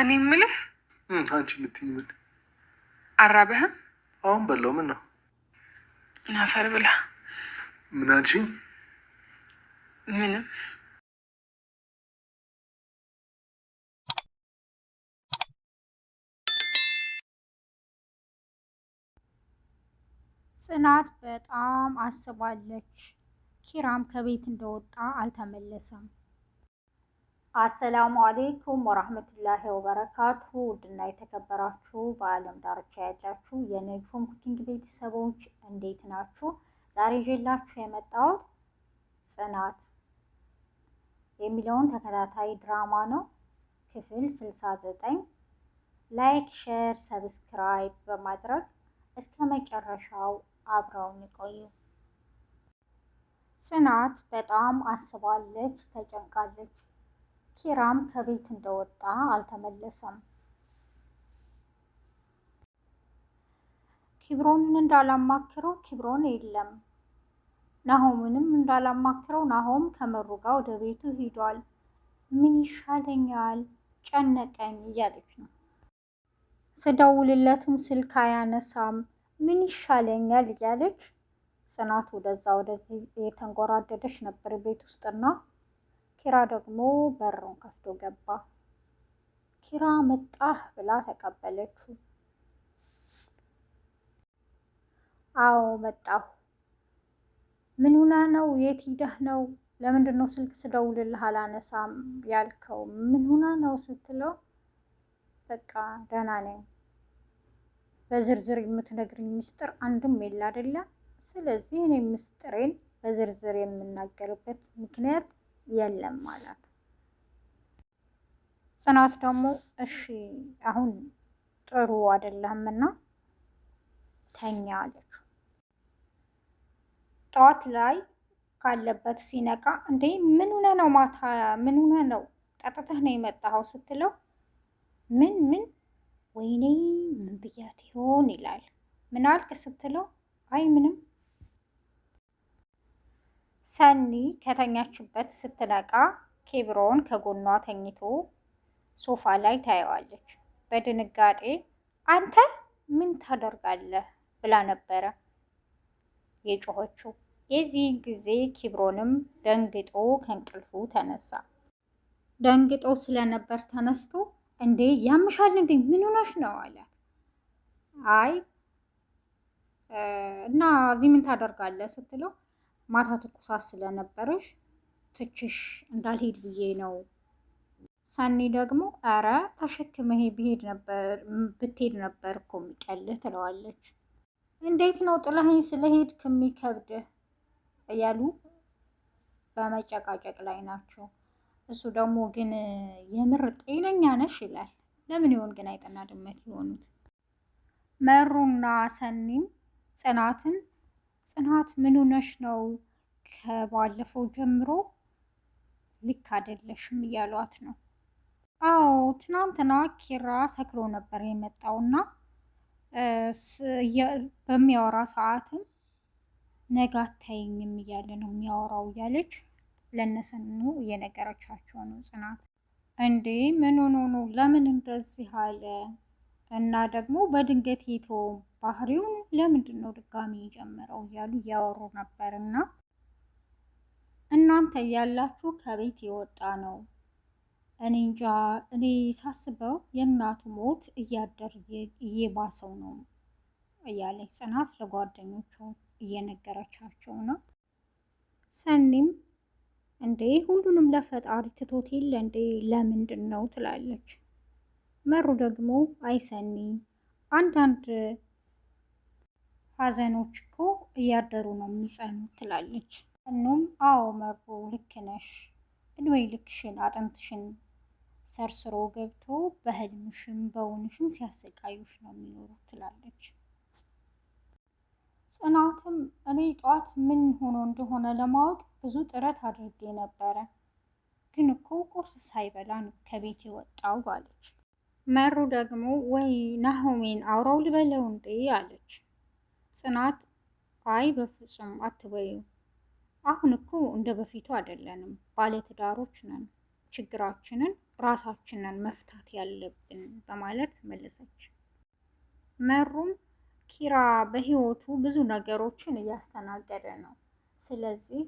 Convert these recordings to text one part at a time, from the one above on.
እኔ የምልህ አንቺ የምትይኝ ምን አራበህም? አሁን በለው ምን ነው ናፈር ብላ ምን አንቺኝ? ምንም ጽናት በጣም አስባለች። ኪራም ከቤት እንደወጣ አልተመለሰም። አሰላሙ አሌይኩም ወራህመቱላሂ ወበረካቱ። ውድና የተከበራችሁ በዓለም ዳርቻ ያላችሁ የነጅሁም ኩኪንግ ቤተሰቦች እንዴት ናችሁ? ዛሬ ይዤላችሁ የመጣሁት ጽናት የሚለውን ተከታታይ ድራማ ነው። ክፍል 69 ላይክ፣ ሼር፣ ሰብስክራይብ በማድረግ እስከ መጨረሻው አብረውን ይቆዩ። ጽናት በጣም አስባለች፣ ተጨንቃለች። ኪራም ከቤት እንደወጣ አልተመለሰም። ኪብሮንን እንዳላማክረው ኪብሮን የለም፣ ናሆምንም እንዳላማክረው ናሆም ከመሩ ጋር ወደ ቤቱ ሂዷል። ምን ይሻለኛል ጨነቀኝ እያለች ነው። ስደውልለትም ስልክ አያነሳም። ምን ይሻለኛል እያለች ጽናት ወደዛ ወደዚህ የተንጎራደደች ነበር ቤት ውስጥና ኪራ ደግሞ በሩን ከፍቶ ገባ። ኪራ መጣህ ብላ ተቀበለችው። አዎ መጣሁ። ምን ሆና ነው? የት ሂደህ ነው? ለምንድን ነው ስልክ ስደውልልህ አላነሳም ያልከው? ምን ሆና ነው ስትለው በቃ ደህና ነኝ። በዝርዝር የምትነግርኝ ምስጢር አንድም የለ አይደለም። ስለዚህ እኔ ምስጢሬን በዝርዝር የምናገርበት ምክንያት የለም አላት። ጽናት ደግሞ እሺ አሁን ጥሩ አይደለም እና ተኛ አለች። ጠዋት ላይ ካለበት ሲነቃ እንዴ ምን ሆነ ነው ማታ ምን ሆነ ነው ጠጥተህ ነው የመጣኸው ስትለው ምን ምን ወይኔ ምን ብያት ይሆን ይላል። ምን አልክ ስትለው አይ ምንም ሰኒ ከተኛችበት ስትነቃ ኬብሮን ከጎኗ ተኝቶ ሶፋ ላይ ታየዋለች። በድንጋጤ አንተ ምን ታደርጋለህ ብላ ነበረ የጮኸችው። የዚህ ጊዜ ኪብሮንም ደንግጦ ከእንቅልፉ ተነሳ። ደንግጦ ስለነበር ተነስቶ እንዴ ያምሻል እንዴ ምን ሆነሽ ነው አላት። አይ እና እዚህ ምን ታደርጋለህ ስትለው ማታ ትኩሳት ስለነበረሽ ትችሽ እንዳልሄድ ብዬ ነው። ሰኒ ደግሞ ኧረ ተሸክመህ ብሄድ ነበር ብትሄድ ነበር እኮ የሚቀልህ ትለዋለች። እንዴት ነው ጥላህኝ ስለሄድክ የሚከብድህ እያሉ በመጨቃጨቅ ላይ ናቸው። እሱ ደግሞ ግን የምር ጤነኛ ነሽ ይላል። ለምን ይሆን ግን አይጥና ድመት የሆኑት መሩና ሰኒም ጽናትን ጽናት ምን ሆነሽ ነው? ከባለፈው ጀምሮ ልክ አይደለሽም እያሏት ነው። አዎ ትናንትና ኪራ ሰክሮ ነበር የመጣውና በሚያወራ ሰዓትም ነገ አታይኝም እያለ ነው የሚያወራው እያለች ለነሰኑ እየነገረቻቸው ነው ጽናት። እንዴ ምን ሆኖ ነው? ለምን እንደዚህ አለ? እና ደግሞ በድንገት የተወው ባህሪውን ለምንድን ነው ድጋሚ የጀመረው እያሉ እያወሩ ነበር እና እናንተ እያላችሁ ከቤት የወጣ ነው። እኔ እንጃ እኔ ሳስበው የእናቱ ሞት እያደር እየባሰው ነው እያለች ጽናት ለጓደኞቹ እየነገረቻቸው ነው። ሰኒም እንዴ ሁሉንም ለፈጣሪ ትቶት የለ እንዴ ለምንድን ነው ትላለች። መሩ ደግሞ አይ ሰኒ አንዳንድ ሀዘኖች እኮ እያደሩ ነው የሚጸኑ ትላለች። እኑም አዎ መሮ ልክ ነሽ፣ እድሜ ልክሽን አጥንትሽን ሰርስሮ ገብቶ በህልምሽም በውንሽም ሲያሰቃዩሽ ነው የሚኖሩ ትላለች። ጽናትም እኔ ጠዋት ምን ሆኖ እንደሆነ ለማወቅ ብዙ ጥረት አድርጌ ነበረ፣ ግን እኮ ቁርስ ሳይበላ ነው ከቤት የወጣው አለች። መሩ ደግሞ ወይ ናሆሜን አውራው ልበለው እንዴ አለች። ጽናት አይ በፍጹም አትበዩ፣ አሁን እኮ እንደ በፊቱ አይደለንም፣ ባለትዳሮች ነን፣ ችግራችንን ራሳችንን መፍታት ያለብን በማለት መለሰች። መሩም ኪራ በህይወቱ ብዙ ነገሮችን እያስተናገደ ነው። ስለዚህ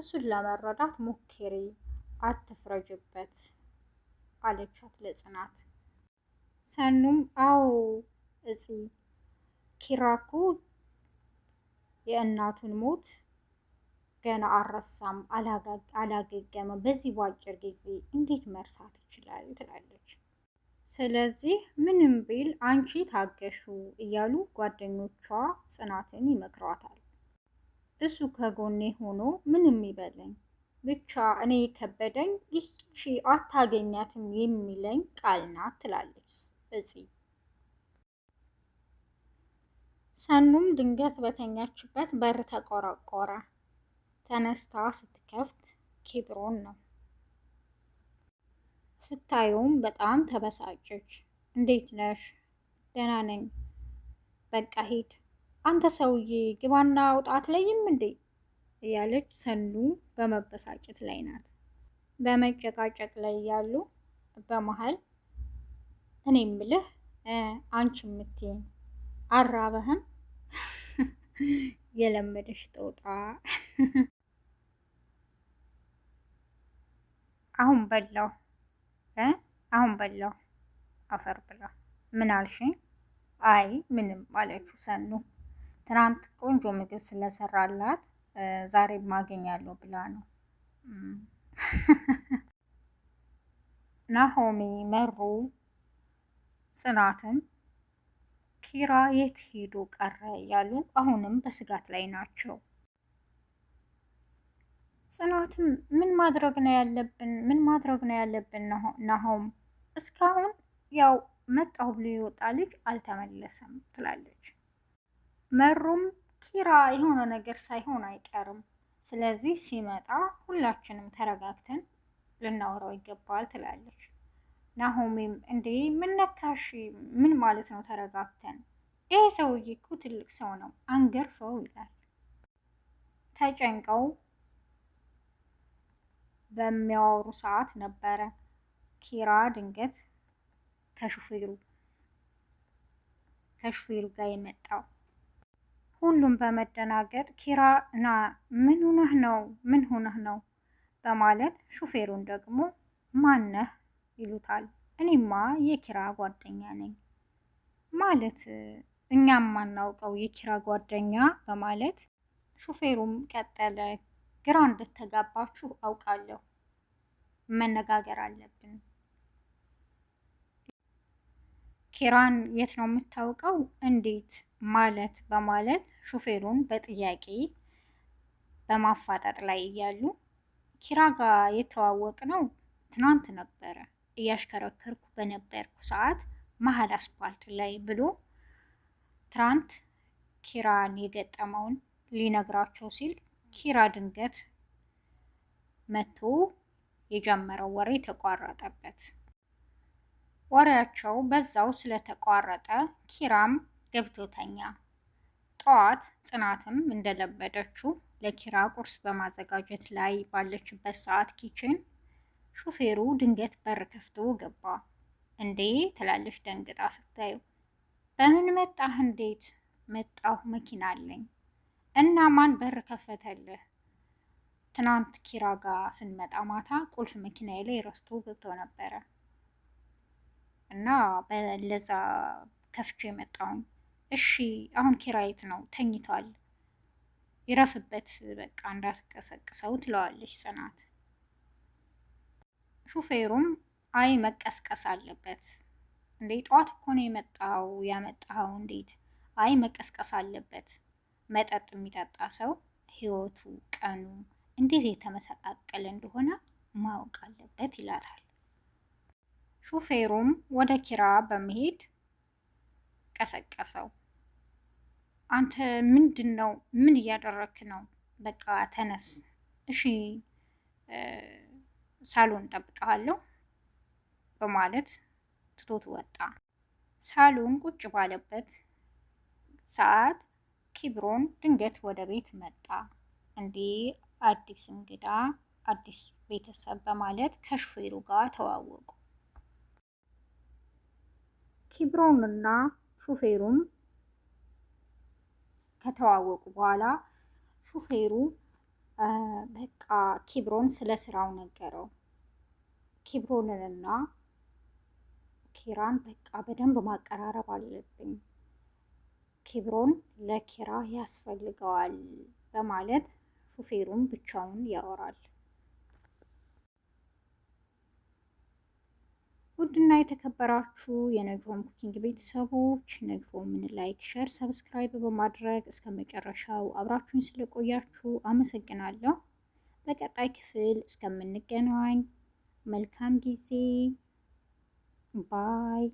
እሱን ለመረዳት ሞክሪ፣ አትፍረጅበት አለቻት ለጽናት። ሰኑም አዎ እጽ ኪራ የእናቱን ሞት ገና አልረሳም፣ አላገገመም። በዚህ በአጭር ጊዜ እንዴት መርሳት ይችላል ትላለች። ስለዚህ ምንም ቢል አንቺ ታገሹ እያሉ ጓደኞቿ ጽናትን ይመክሯታል። እሱ ከጎኔ ሆኖ ምንም ይበለኝ ብቻ እኔ የከበደኝ ይህቺ አታገኛትም የሚለኝ ቃል ናት ትላለች እጽ ሰኑም ድንገት በተኛችበት በር ተቆረቆረ። ተነስታ ስትከፍት ኬብሮን ነው። ስታየውም በጣም ተበሳጨች። እንዴት ነሽ? ደህና ነኝ። በቃ ሂድ አንተ ሰውዬ ግባና ውጣት ለይም እንዴ እያለች ሰኑ በመበሳጨት ላይ ናት። በመጨቃጨቅ ላይ እያሉ በመሀል እኔ ምልህ አንቺ የምትይኝ አራበህም የለመደሽ ጦጣ። አሁን በላው አሁን በላው አፈር ብላ። ምን አይ ምንም አለችው ሰኑ። ትናንት ቆንጆ ምግብ ስለሰራላት ዛሬ ማገኛለሁ ብላ ነው። ናሆሚ መሩ ጽናትን ኪራ የት ሄዶ ቀረ እያሉ አሁንም በስጋት ላይ ናቸው። ጽናትም ምን ማድረግ ነው ያለብን? ምን ማድረግ ነው ያለብን? ናሆም እስካሁን ያው መጣሁ ብሎ የወጣ ልጅ አልተመለሰም ትላለች። መሩም ኪራ የሆነ ነገር ሳይሆን አይቀርም፣ ስለዚህ ሲመጣ ሁላችንም ተረጋግተን ልናወራው ይገባል ትላለች። ናሆሜም እንዴ ምነካሽ? ምን ማለት ነው? ተረጋግተን ይሄ ሰውዬ እኮ ትልቅ ሰው ነው አንገርፈው ይላል። ተጨንቀው በሚያወሩ ሰዓት ነበረ ኪራ ድንገት ከሹፌሩ ከሹፌሩ ጋር የመጣው ሁሉም በመደናገጥ ኪራ ና ምን ሁነህ ነው ምን ሁነህ ነው በማለት ሹፌሩን ደግሞ ማነህ ይሉታል። እኔማ የኪራ ጓደኛ ነኝ ማለት እኛም የማናውቀው የኪራ ጓደኛ በማለት ሹፌሩም ቀጠለ። ግራ እንደተጋባችሁ አውቃለሁ፣ መነጋገር አለብን። ኪራን የት ነው የምታውቀው? እንዴት ማለት በማለት ሹፌሩን በጥያቄ በማፋጠጥ ላይ እያሉ ኪራ ጋር የተዋወቅ ነው ትናንት ነበረ እያሽከረከርኩ በነበርኩ ሰዓት መሀል አስፓልት ላይ ብሎ ትናንት ኪራን የገጠመውን ሊነግራቸው ሲል ኪራ ድንገት መቶ የጀመረው ወሬ ተቋረጠበት። ወሬያቸው በዛው ስለተቋረጠ ኪራም ገብቶተኛ። ጠዋት ጽናትም እንደለመደችው ለኪራ ቁርስ በማዘጋጀት ላይ ባለችበት ሰዓት ኪችን ሹፌሩ ድንገት በር ከፍቶ ገባ። እንዴ ትላለች ደንግጣ ስታየው። በምን መጣህ? እንዴት መጣሁ፣ መኪና አለኝ። እና ማን በር ከፈተልህ? ትናንት ኪራ ጋር ስንመጣ ማታ ቁልፍ መኪና ላይ ረስቶ ገብቶ ነበረ እና በለዛ ከፍቼ መጣሁኝ። እሺ አሁን ኪራ የት ነው? ተኝቷል፣ ይረፍበት በቃ እንዳትቀሰቅሰው ትለዋለች ጽናት። ሹፌሩም አይ መቀስቀስ አለበት እንዴ፣ ጠዋት እኮ ነው የመጣው ያመጣው እንዴት አይ መቀስቀስ አለበት። መጠጥ የሚጠጣ ሰው ህይወቱ፣ ቀኑ እንዴት የተመሰቃቀለ እንደሆነ ማወቅ አለበት ይላታል። ሹፌሩም ወደ ኪራ በመሄድ ቀሰቀሰው። አንተ ምንድን ነው? ምን እያደረክ ነው? በቃ ተነስ እሺ ሳሎን ጠብቀሃለሁ በማለት ትቶት ወጣ። ሳሎን ቁጭ ባለበት ሰዓት ኪብሮን ድንገት ወደ ቤት መጣ። እንዴ አዲስ እንግዳ፣ አዲስ ቤተሰብ በማለት ከሹፌሩ ጋር ተዋወቁ። ኪብሮንና ሹፌሩም ከተዋወቁ በኋላ ሹፌሩ በቃ ኪብሮን ስለ ስራው ነገረው። ኪብሮንንና ኪራን በቃ በደንብ ማቀራረብ አለብኝ፣ ኪብሮን ለኪራ ያስፈልገዋል በማለት ሹፌሩን ብቻውን ያወራል። ውድና የተከበራችሁ የነጆም ኩኪንግ ቤተሰቦች ነጆምን ላይክ፣ ሸር፣ ሰብስክራይብ በማድረግ እስከ መጨረሻው አብራችሁን ስለቆያችሁ አመሰግናለሁ። በቀጣይ ክፍል እስከምንገናኝ መልካም ጊዜ ባይ